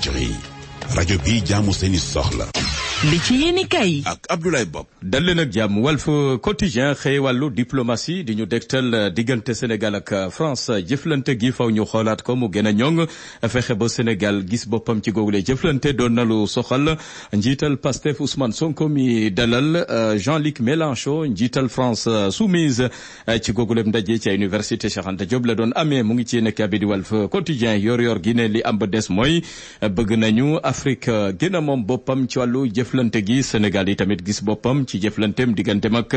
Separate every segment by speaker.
Speaker 1: Walfadjri rajo bi jaamu seeni soxla li ci yéeni kay ak Abdoulaye Bob dal leen ak jàmm Walf Quotidien xëy wàllu diplomatie di ñu dégtal diggante Sénégal ak France jëflante gi faw ñu xoolaat ko mu gën a ñoŋ fexe ba Sénégal gis boppam ci googule jëflante doon na lu soxal njiital Pastef Ousmane Sonko mi dalal euh, Jean-Luc Mélenchon njiital France soumise euh, ci googule ndaje ci université Cheikh Anta Diop la doon ame mu ngi ci yéen kabi di Walf Quotidien yor yor gi ne li am ba des mooy euh, bëgg nañu Afrique gën a moom boppam ci wàllu jëf jëflante gi Sénégal yi tamit gis boppam ci jëflanteem digganteem ak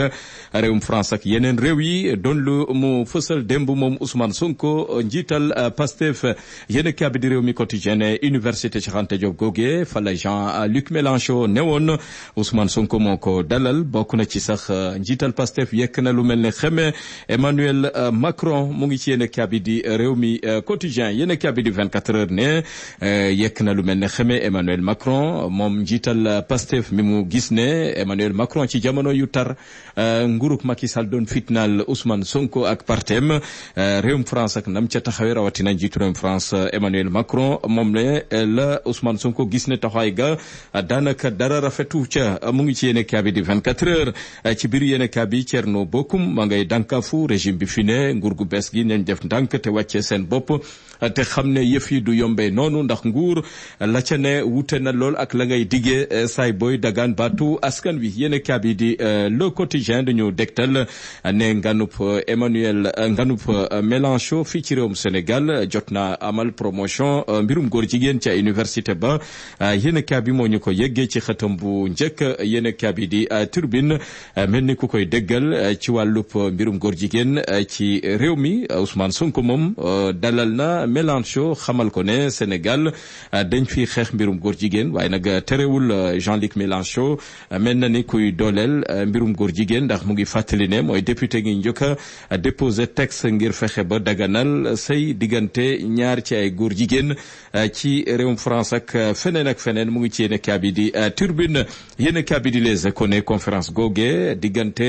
Speaker 1: réewum France ak yeneen réew yi doon lu mu fësal démb moom Ousmane Sonko njiital euh, Pastef yéen a di réew mi quotidien université Cheikh Anta Diop goge fa la Jean-Luc Mélenchon newoon Ousmane Sonko moo ko dalal bokk na ci sax euh, njiital Pastef yekk na lu mel ne xeme Emmanuel euh, Macron mu ngi ci yéen a di mi quotidien yéen a di 24 heures yekk na lu mel xeme Emmanuel Macron moom njiital Pastef Pastef mi mu gis ne Emmanuel Macron ci jamono yu tar euh, nguurug Macky Sall doon fitnaal Ousmane Sonko ak partem euh, réewum France ak nam ca taxawee rawatina njiitu réewum France euh, Emmanuel Macron moom ne la Ousmane Sonko gis ne taxawaay ga daanaka dara rafetu ca mu ngi ci yéen a bi di 24 heures ci biir yéen a bi Thierno Bocoum ma ngay dànkaafu régime bi fi ne nguur gu bees gi nañ def ndànk te wàcce seen bopp te xam ne yëf yi du yombee noonu ndax nguur la ca ne ak la ngay Abdoulaye Boy dagaan baatu askan wi yéen a bi di euh, le quotidien dañu dégtal ne nganub euh, Emmanuel euh, nganub Mélenchon fii ci réew réewum Sénégal jot na amal promotion mbirum góor jigéen ca université ba yéen a bi moo ñu ko yëggee ci xëtam bu njëkk yéen a bi di turbine mel ni ku koy déggal ci wàllub mbirum góor jigéen ci réew mi Ousmane Sonko moom dalal na Mélenchon xamal ko ne Sénégal dañ fi xeex mbirum góor jigéen waaye nag terewul Jean Malick Mélenchon euh, mel na ni kuy dooleel euh, mbirum góor jigéen ndax mu ngi fàttali ne mooy député ngi njëkk a euh, déposé texte ngir fexe ba daganal say diggante ñaar ci ay góor jigéen ci réewum France ak feneen ak feneen mu ngi ci yéen a kabidi turbine yéen a kabidi les école conférence googe diggante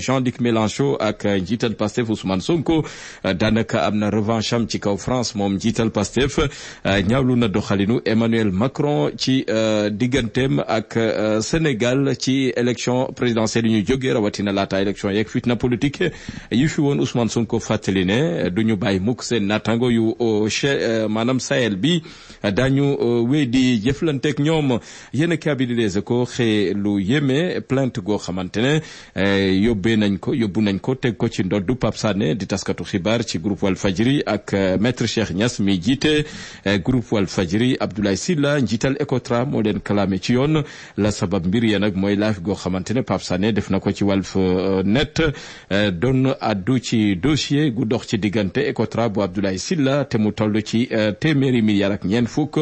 Speaker 1: Jean-Luc Mélenchon ak njiital Pastef Ousmane Sonko daanaka am na revanche ci kaw France moom njiital Pastef ñaawlu na doxalinu Emmanuel Macron ci digganteem ak Euh, Sénégal ci élection présidentielle yi ñu jógee rawatina laata élection yeeg fitna politique yi fi woon Ousmane Sonko fàttali ne du ñu bàyyi mukk seen naataango yu euh, euh, maanaam Sahel bi daañu wéy di jëflanteeg ñoom yéen a kaabidi les ko xee lu yéeme plainte goo xamante ne yóbbee nañ ko yóbbu nañ ko teg ko ci ndoddu Pape Sané di taskatu xibaar ci groupe Walfadjri ak maître Cheikh Niass mi jiite groupe Walfadjri Abdoulaye Sylla njiital Ecotra moo leen ci yoon la sabab mbir ya nag mooy laaf goo xamante ne Pape Sané def na ko ci Walf euh, net euh, doon addu ci dossier gu dox ci diggante Ecotra bu Abdoulaye Sylla te mu toll ci euh, téeméeri milliards ak ñeent fukk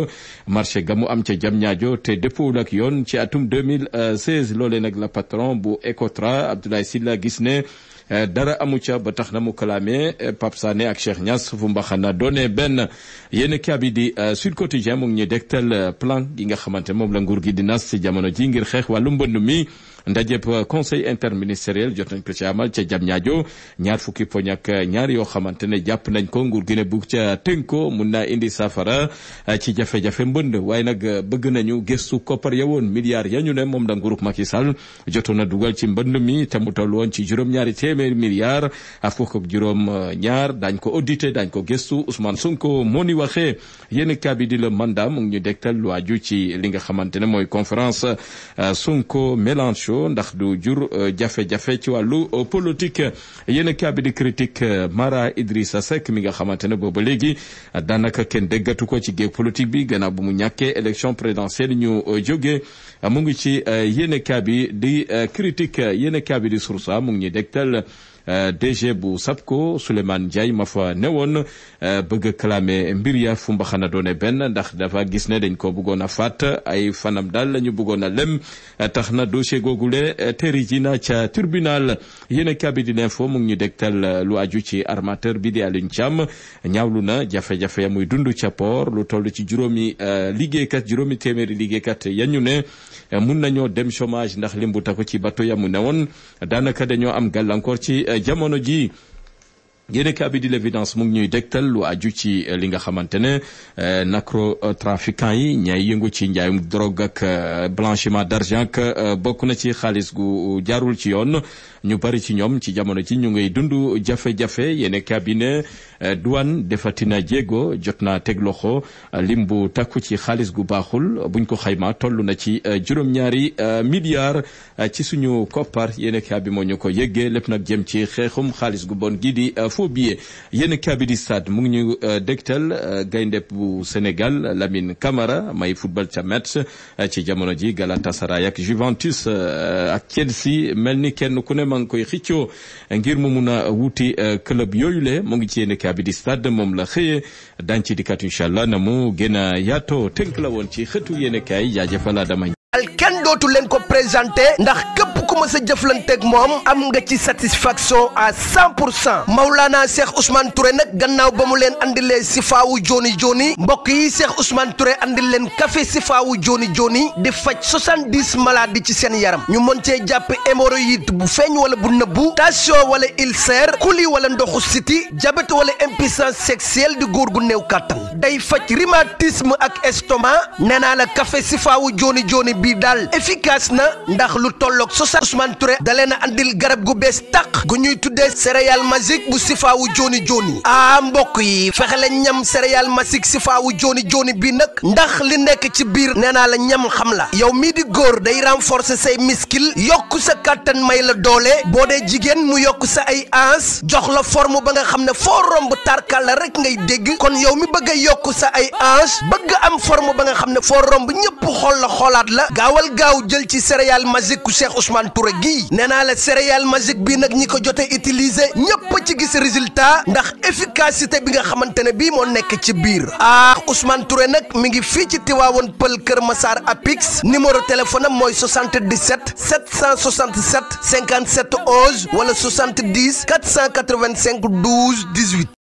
Speaker 1: marché ga mu am ca Diamniadio te dëppoowul ak yoon ci atum 2016 loolee nag la patron bu Ecotra Abdoulaye Sylla gis ne Eh, dara amu ca ba tax na mu kalaame eh, Pape Sané ak Cheikh Niass fu mbaxana doone benn yéen kaabi di eh, Sud Quotidien mu ngi ñuy dektal plan gi nga xamante moom la ngur gi di nas ci jamono ji ngir xeex wàllu mbënd mi ndajeb conseil interministériel jot nañ ko ci amal ca Diamniadio ñaar fukki poñ ak ñaar yoo xamante ne jàpp nañ ko nguur gi ne ca tënko mun naa indi saafara eh, ci jafe-jafe mbënd waaye nag eh, bëgg nañu gëstu kopar ya woon milliards ya ñu ne moom la nguurug Macky Sall jotoon a dugal ci mbënd mi te mu toll ci juróom-ñaari téeméeri milliards fukk ak eh, ñaar dañ ko audité dañ ko gëstu Ousmane Sonko moo ni waxee yéen kabi di la mandat mu ngi ñu dektal lu aju ci li nga xamante ne mooy conférence Sonko Mélenchon Mario ndax du jur euh, jafe-jafe ci wàllu euh, politique yéen a bi di critique euh, Mara Idrissa sek mi nga xamante ne booba léegi daanaka kenn déggatu ko ci géeg politique bi gannaaw bu mu ñàkkee élection présidentielle ñu jógee mu ngi ci yéen a bi di critique yéen a bi mu ngi ñuy dégtal Euh, DG bu SAPCO Souleymane Ndiaye ma fa newoon euh, bëgg a mbir ya fu mbaxana doone benn ndax dafa gis ne dañ ko bëggoon a faat ay fanam daal la ñu bëggoon a lem euh, tax na dossier googule teri ji na ca tribunal yéen a kabidi l'info mu ñu dégtal lu aju ci armateur bi di Alioune Thiam ñaawlu na jafe-jafe ya muy dund ca port lu toll ci juróomi liggéeykat juróomi téeméeri liggéeykat yañu ne mun nañoo dem chômage ndax limbu ci bato yamu mu newoon daanaka dañoo am gàllankoor ci jamono jii yéen a di l'évidence mu ngi ñuy dégtal lu aju ci eh, li nga xamante ne eh, nacro trafiquant yi ñay yëngu ci njaayum drogue ak eh, blanchiment d'argent ak bokk na ci xaalis gu jaarul ci yoon ñu bari ci ñoom ci jamono ci ñu ngay dund jafe-jafe yéen a bi ne douane defatina jéego jot naa teg loxo lim bu takku ci xaalis gu baaxul buñ ko xayma toll na ci juróom-ñaari milliards ci suñu koppar yéen a bi moo ñu ko yëggee lépp nag jëm ci xeexum xaalis gu bon gi di faux billets yéen kabi di stade mu ngi ñu euh, dégtal euh, gaynde bu Sénégal Lamine Camara may football ca euh, ci jamono ji Galatasaray ak Juventus ak Chelsea mel ni kenn ku ne maa ngi koy xicco ngir mu mun a wuti club yooyu le mu ngi ci yéen kabi di stade moom la xëyee dan ci dikkat incha na mu gën a yaatoo tënk la woon ci xëtu yéen kaay jaajëfal Adama.
Speaker 2: kenn dootu leen ko présenté ndax. ku ma sa moom am nga ci satisfaction à 100 pour cent Maulana Cheikh Ousmane Touré nag gannaaw ba mu leen andilee si faawu jooni jooni mbokk yi Cheikh Ousmane Touré andil leen café si faawu jooni jooni di faj 70 maladies ci seen yaram ñu mën cee jàpp hémorroïde bu feeñ wala bu nëbbu tension wala ulcère kuli wala ndoxu siti diabète wala impuissance sexuelle di góor gu néew kàttan day faj rhumatisme ak estomac nee naa la café si faawu jooni jooni bii daal efficace na ndax lu tolloog Ousmane Touré da leen a andil garab gu bees tàq gu ñuy tuddee céréale magique bu sifaawu jooni jooni ah mbokk yi fexe la ñam céréale magique sifaawu jooni jooni bi nag ndax li nekk ci biir nee naa la ñam xam la yow mii di góor day renforcer say miskil yokk sa kàttan may la doole boo dee jigéen mu yokk sa ay ans jox la forme ba nga xam ne foo romb tarkal la rek ngay dégg kon yow mi bëgg a yokk sa ay ans bëgg am forme ba nga xam ne foo romb ñëpp xool la xoolaat la gaawal gaaw jël ci céréale magique ku Cheikh Touré gii nee naa la céréale magique bi nag ñi ko jotee utiliser ñëpp ci gis résultat ndax efficacité bi nga xamante ne bii moo nekk ci biir ah Ousmane Touré nag mi ngi fii ci Tivaouane Pël Kër Massar Apix numéro téléphone am mooy 77 767 57 11 wala 70 485 12 18.